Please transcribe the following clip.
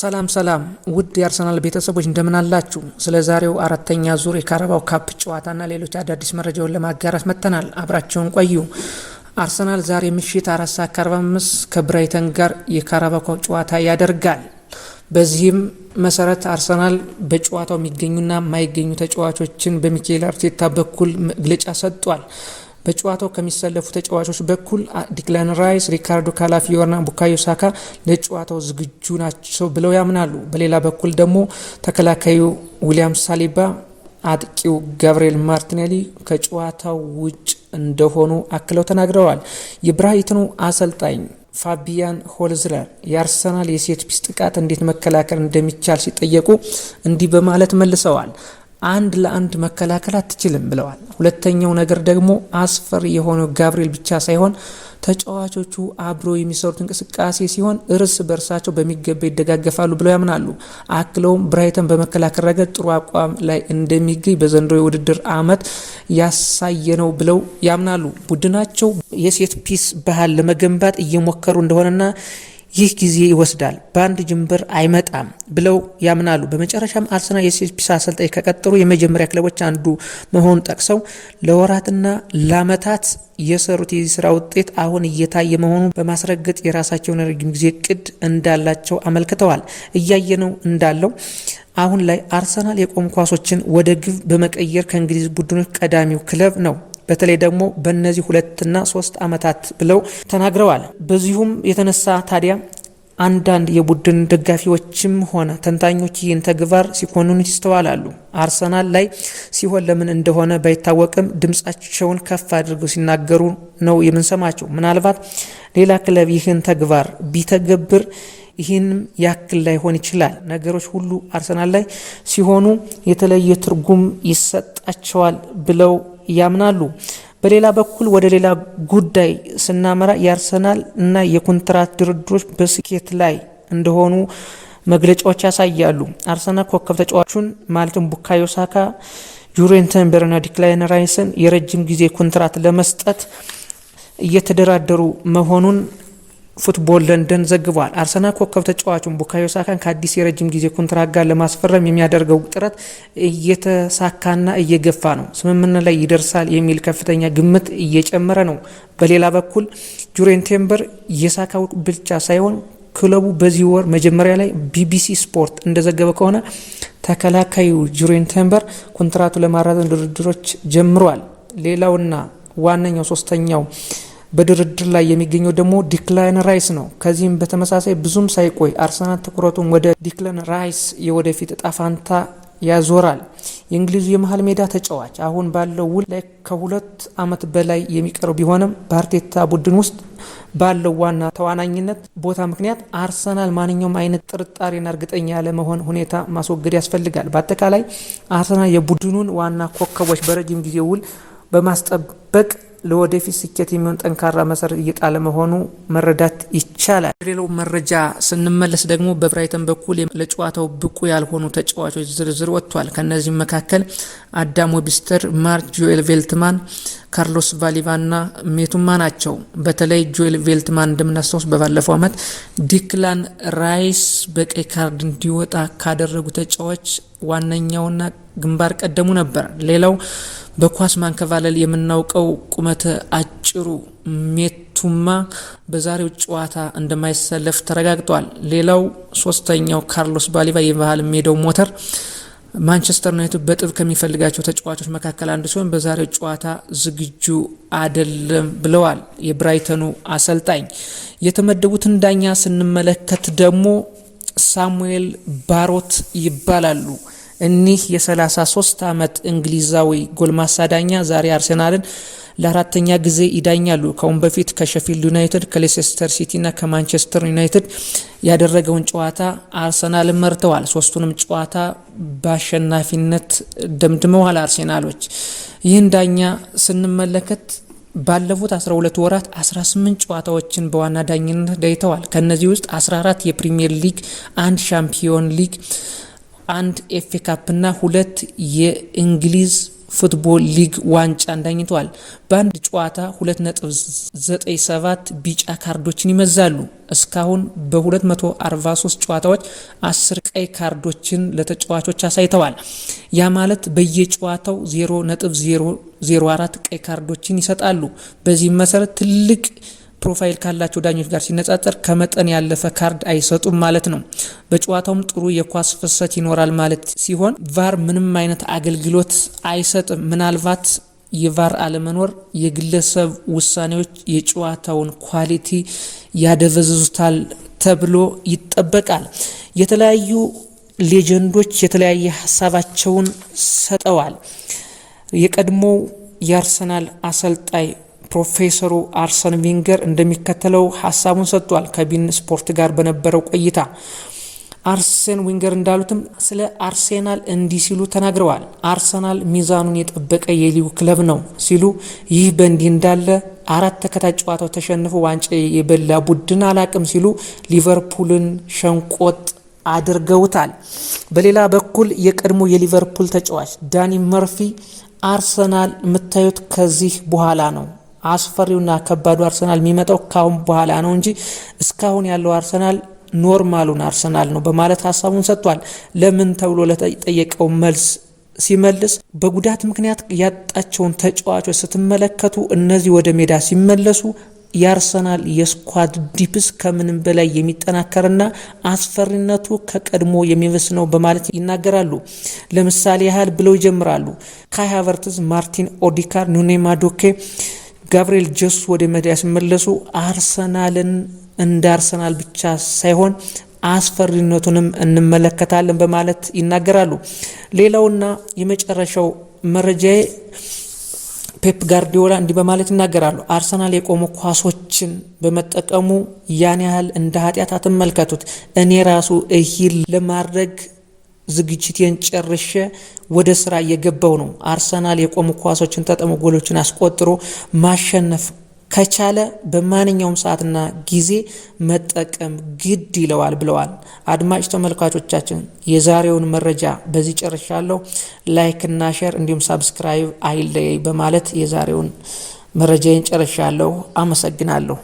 ሰላም ሰላም ውድ የአርሰናል ቤተሰቦች እንደምን አላችሁ? ስለ ዛሬው አራተኛ ዙር የካረባው ካፕ ጨዋታና ሌሎች አዳዲስ መረጃውን ለማጋራት መጥተናል። አብራቸውን ቆዩ። አርሰናል ዛሬ ምሽት አራት ሰዓት ከ45 ከብራይተን ጋር የካረባው ካፕ ጨዋታ ያደርጋል። በዚህም መሰረት አርሰናል በጨዋታው የሚገኙና የማይገኙ ተጫዋቾችን በሚኬል አርቴታ በኩል መግለጫ ሰጥቷል። በጨዋታው ከሚሰለፉ ተጫዋቾች በኩል ዲክላን ራይስ፣ ሪካርዶ ካላፊዮርና ቡካዮ ሳካ ለጨዋታው ዝግጁ ናቸው ብለው ያምናሉ። በሌላ በኩል ደግሞ ተከላካዩ ዊሊያም ሳሊባ፣ አጥቂው ጋብርኤል ማርቲኔሊ ከጨዋታው ውጭ እንደሆኑ አክለው ተናግረዋል። የብራይትኑ አሰልጣኝ ፋቢያን ሆልዝለር የአርሰናል የሴት ፒስ ጥቃት እንዴት መከላከል እንደሚቻል ሲጠየቁ እንዲህ በማለት መልሰዋል። አንድ ለአንድ መከላከል አትችልም ብለዋል። ሁለተኛው ነገር ደግሞ አስፈሪ የሆነው ጋብሪኤል ብቻ ሳይሆን ተጫዋቾቹ አብሮ የሚሰሩት እንቅስቃሴ ሲሆን እርስ በእርሳቸው በሚገባ ይደጋገፋሉ ብለው ያምናሉ። አክለውም ብራይተን በመከላከል ረገድ ጥሩ አቋም ላይ እንደሚገኝ በዘንድሮ የውድድር ዓመት ያሳየ ነው ብለው ያምናሉ። ቡድናቸው የሴት ፒስ ባህል ለመገንባት እየሞከሩ እንደሆነና ይህ ጊዜ ይወስዳል፣ በአንድ ጅምብር አይመጣም ብለው ያምናሉ። በመጨረሻም አርሰናል የሴስፒስ አሰልጣኝ ከቀጠሩ የመጀመሪያ ክለቦች አንዱ መሆኑን ጠቅሰው ለወራትና ለአመታት የሰሩት የዚህ ስራ ውጤት አሁን እየታየ መሆኑን በማስረገጥ የራሳቸውን ረጅም ጊዜ ቅድ እንዳላቸው አመልክተዋል። እያየነው እንዳለው አሁን ላይ አርሰናል የቆም ኳሶችን ወደ ግብ በመቀየር ከእንግሊዝ ቡድኖች ቀዳሚው ክለብ ነው። በተለይ ደግሞ በእነዚህ ሁለትና ሶስት ዓመታት ብለው ተናግረዋል። በዚሁም የተነሳ ታዲያ አንዳንድ የቡድን ደጋፊዎችም ሆነ ተንታኞች ይህን ተግባር ሲኮንኑት ይስተዋላሉ። አርሰናል ላይ ሲሆን ለምን እንደሆነ ባይታወቅም ድምፃቸውን ከፍ አድርገው ሲናገሩ ነው የምንሰማቸው። ምናልባት ሌላ ክለብ ይህን ተግባር ቢተገብር ይህንም ያክል ላይሆን ይችላል። ነገሮች ሁሉ አርሰናል ላይ ሲሆኑ የተለየ ትርጉም ይሰጣቸዋል ብለው ያምናሉ። በሌላ በኩል ወደ ሌላ ጉዳይ ስናመራ የአርሰናል እና የኮንትራት ድርድሮች በስኬት ላይ እንደሆኑ መግለጫዎች ያሳያሉ። አርሰናል ኮከብ ተጫዋቹን ማለትም ቡካዮ ሳካ፣ ጁሬንተን ቲምበርና ላይን ራይስን የረጅም ጊዜ ኮንትራት ለመስጠት እየተደራደሩ መሆኑን ፉትቦል ለንደን ዘግቧል። አርሰናል ኮከብ ተጫዋቹን ቡካዮ ሳካን ከአዲስ የረጅም ጊዜ ኮንትራት ጋር ለማስፈረም የሚያደርገው ጥረት እየተሳካና እየገፋ ነው። ስምምነት ላይ ይደርሳል የሚል ከፍተኛ ግምት እየጨመረ ነው። በሌላ በኩል ጁሬን ቴምበር የሳካው ብልጫ ሳይሆን ክለቡ በዚህ ወር መጀመሪያ ላይ ቢቢሲ ስፖርት እንደዘገበ ከሆነ ተከላካዩ ጁሬን ቴምበር ኮንትራቱ ለማራዘም ድርድሮች ጀምሯል። ሌላውና ዋነኛው ሶስተኛው በድርድር ላይ የሚገኘው ደግሞ ዲክላን ራይስ ነው። ከዚህም በተመሳሳይ ብዙም ሳይቆይ አርሰናል ትኩረቱን ወደ ዲክለን ራይስ የወደፊት እጣ ፋንታ ያዞራል። የእንግሊዙ የመሀል ሜዳ ተጫዋች አሁን ባለው ውል ላይ ከሁለት ዓመት በላይ የሚቀረው ቢሆንም በአርቴታ ቡድን ውስጥ ባለው ዋና ተዋናኝነት ቦታ ምክንያት አርሰናል ማንኛውም አይነት ጥርጣሬና እርግጠኛ ያለመሆን ሁኔታ ማስወገድ ያስፈልጋል። በአጠቃላይ አርሰናል የቡድኑን ዋና ኮከቦች በረጅም ጊዜ ውል በማስጠበቅ ለወደፊት ስኬት የሚሆን ጠንካራ መሰረት እየጣለ መሆኑ መረዳት ይቻላል። ሌላው መረጃ ስንመለስ ደግሞ በብራይተን በኩል ለጨዋታው ብቁ ያልሆኑ ተጫዋቾች ዝርዝር ወጥቷል። ከእነዚህም መካከል አዳም ቢስተር፣ ማርክ ጆኤል ቬልትማን፣ ካርሎስ ቫሊቫ ና ሜቱማ ናቸው። በተለይ ጆኤል ቬልትማን እንደምናስታውስ በባለፈው ዓመት ዲክላን ራይስ በቀይ ካርድ እንዲወጣ ካደረጉ ተጫዋች ዋነኛውና ግንባር ቀደሙ ነበር። ሌላው በኳስ ማንከባለል የምናውቀው ቁመተ አጭሩ ሜቱማ በዛሬው ጨዋታ እንደማይሰለፍ ተረጋግጧል። ሌላው ሶስተኛው ካርሎስ ባሊባ የባህል ሜዳው ሞተር ማንቸስተር ዩናይትድ በጥብ ከሚፈልጋቸው ተጫዋቾች መካከል አንዱ ሲሆን በዛሬው ጨዋታ ዝግጁ አይደለም ብለዋል የብራይተኑ አሰልጣኝ። የተመደቡትን ዳኛ ስንመለከት ደግሞ ሳሙኤል ባሮት ይባላሉ። እኒህ የ33 ዓመት እንግሊዛዊ ጎልማሳ ዳኛ ዛሬ አርሰናልን ለአራተኛ ጊዜ ይዳኛሉ። ከአሁን በፊት ከሼፊልድ ዩናይትድ፣ ከሌሴስተር ሲቲ እና ከማንቸስተር ዩናይትድ ያደረገውን ጨዋታ አርሰናልን መርተዋል። ሶስቱንም ጨዋታ በአሸናፊነት ደምድመዋል አርሴናሎች። ይህን ዳኛ ስንመለከት ባለፉት 12 ወራት 18 ጨዋታዎችን በዋና ዳኝነት ዳይተዋል። ከእነዚህ ውስጥ 14 የፕሪሚየር ሊግ፣ አንድ ሻምፒዮን ሊግ አንድ ኤፍ ኤ ካፕና ሁለት የእንግሊዝ ፉትቦል ሊግ ዋንጫ ዳኝተዋል። በአንድ ጨዋታ 2.97 ቢጫ ካርዶችን ይመዛሉ። እስካሁን በ243 ጨዋታዎች 10 ቀይ ካርዶችን ለተጫዋቾች አሳይተዋል። ያ ማለት በየጨዋታው 0.004 ቀይ ካርዶችን ይሰጣሉ። በዚህም መሰረት ትልቅ ፕሮፋይል ካላቸው ዳኞች ጋር ሲነጻጸር ከመጠን ያለፈ ካርድ አይሰጡም ማለት ነው። በጨዋታውም ጥሩ የኳስ ፍሰት ይኖራል ማለት ሲሆን ቫር ምንም አይነት አገልግሎት አይሰጥም። ምናልባት የቫር አለመኖር የግለሰብ ውሳኔዎች የጨዋታውን ኳሊቲ ያደበዝዙታል ተብሎ ይጠበቃል። የተለያዩ ሌጀንዶች የተለያየ ሀሳባቸውን ሰጠዋል። የቀድሞው የአርሰናል አሰልጣኝ ፕሮፌሰሩ አርሰን ቪንገር እንደሚከተለው ሀሳቡን ሰጥቷል። ከቢን ስፖርት ጋር በነበረው ቆይታ አርሴን ዊንገር እንዳሉትም ስለ አርሴናል እንዲህ ሲሉ ተናግረዋል። አርሰናል ሚዛኑን የጠበቀ የሊጉ ክለብ ነው ሲሉ፣ ይህ በእንዲህ እንዳለ አራት ተከታታይ ጨዋታው ተሸንፎ ዋንጫ የበላ ቡድን አላቅም ሲሉ ሊቨርፑልን ሸንቆጥ አድርገውታል። በሌላ በኩል የቀድሞ የሊቨርፑል ተጫዋች ዳኒ መርፊ አርሰናል የምታዩት ከዚህ በኋላ ነው አስፈሪውና ከባዱ አርሰናል የሚመጣው ካሁን በኋላ ነው እንጂ እስካሁን ያለው አርሰናል ኖርማሉን አርሰናል ነው በማለት ሀሳቡን ሰጥቷል። ለምን ተብሎ ለጠየቀው መልስ ሲመልስ በጉዳት ምክንያት ያጣቸውን ተጫዋቾች ስትመለከቱ እነዚህ ወደ ሜዳ ሲመለሱ የአርሰናል የስኳድ ዲፕስ ከምንም በላይ የሚጠናከርና አስፈሪነቱ ከቀድሞ የሚበስ ነው በማለት ይናገራሉ። ለምሳሌ ያህል ብለው ይጀምራሉ። ካይ ሃቨርትዝ፣ ማርቲን ኦዲካር፣ ኑኔ ማዶኬ ጋብርኤል ጀሱስ ወደ ሜዳ ሲመለሱ አርሰናልን እንደ አርሰናል ብቻ ሳይሆን አስፈሪነቱንም እንመለከታለን በማለት ይናገራሉ። ሌላውና የመጨረሻው መረጃዬ ፔፕ ጋርዲዮላ እንዲህ በማለት ይናገራሉ። አርሰናል የቆሙ ኳሶችን በመጠቀሙ ያን ያህል እንደ ኃጢአት አትመልከቱት። እኔ ራሱ እሂል ለማድረግ ዝግጅቴን ጨርሼ ወደ ስራ እየገባው ነው። አርሰናል የቆሙ ኳሶችን ተጠሙ ጎሎችን አስቆጥሮ ማሸነፍ ከቻለ በማንኛውም ሰዓትና ጊዜ መጠቀም ግድ ይለዋል ብለዋል። አድማጭ ተመልካቾቻችን የዛሬውን መረጃ በዚህ ጨርሻለሁ። ላይክ እና ሼር እንዲሁም ሳብስክራይብ አይለይ በማለት የዛሬውን መረጃዬን ጨርሻለሁ። አመሰግናለሁ።